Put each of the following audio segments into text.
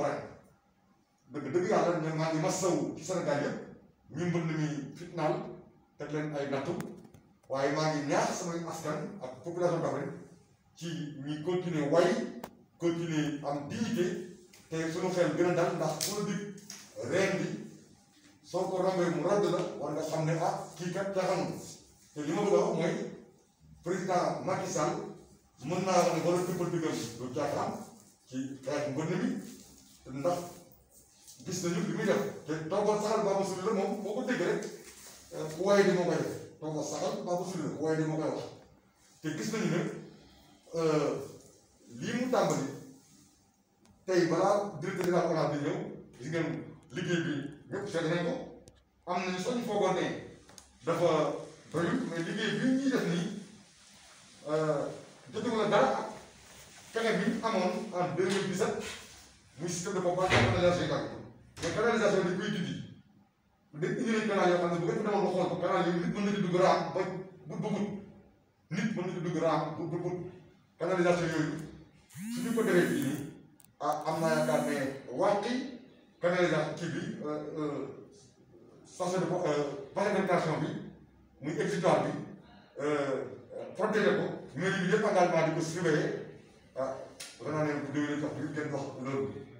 waral dëgg dëgg yàlla ñoom maa ngi masawu ci Sénégal yëpp ñu mbënd mi fitnaal teg leen ay nattu waaye maa ngi ñaax samay askan ak population Kaffrine ci ñuy continuer way continuer am dignité te suñu xel gën dal ndax politique reen bi soo ko rombee mu radd la war nga xam ne ah kii kat caaxaanul te li ma bëgg a wax mooy président Macky Sall mën naa wax ne wala dëppal dëggal du caaxaan ci xeex mbënd mi ndax gis nañu li muy def te toogal saxal baabu sunu la moom boo ko dégg rek ku euh, waaye di moo koy di moo koy wax te gis nañu ne euh, lii mu tàmbali tey balaa directeur de la ONAS di ñëw gis ngeen liggéey bi ñëpp seet nañ ko am nañu soo ñu foogoon ne dafa doyul mais liggéey bi ñuy def nii euh, jotagul a dara ak pexe bi amoon en 2017 muy système de pompage ak canalisation yu bari mais canalisation dañ koy dindi dañ indi leen canal yoo xam ne bu ngeen demoon ba xool ko canal yooyu nit mën na ci dugg raam ba bu bëggut nit mën na ci dugg raam bu bëggut canalisation yooyu su ñu ko defee fii nii ah am naa yaakaar ne wàqi canalisation kii bi station euh, euh, de euh, pavimentation bi muy exutoire bi protéger ko mairie bi yëpp engagement di ko surveiller ah. dafa naa ne bu déwénee sax du ngeen wax loolu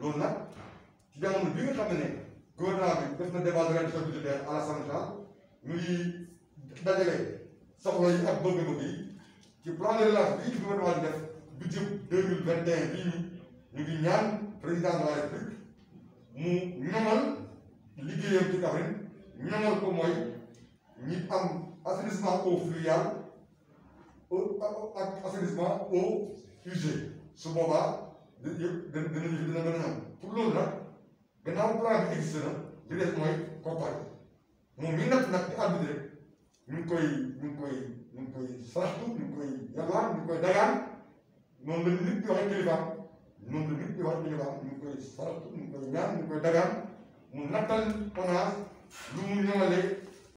loolu nag ci jamono bi nga xam ne gouvernement def na débat de réduction budgétaire à l'Assemblée nationale ñu ngi dajale soxla yi ak bëgg-bëgg yi ci plan de relance bii gouvernement bi def budget deux mille vingt et un bii ñu ngi ñaan président de la république mu ñoŋal liggéeyam ci Kaffrine ko mooy ñi am assainissement eau fluviale ak assainissement eau usée su boobaa. yëpp gën gën a dina gën a ñoom pour loolu nag gannaaw plan bi existe na li des mooy koppar moom mi natt nag di arbitre rek ñu ngi koy ñu ngi koy ñu ngi koy saraxtu ñu ngi dagaan moom la nit di waxee kilifaam moom la nit di waxee kilifaam ñu ngi koy saraxtu ñu ngi koy ñaan mu nattal ONAS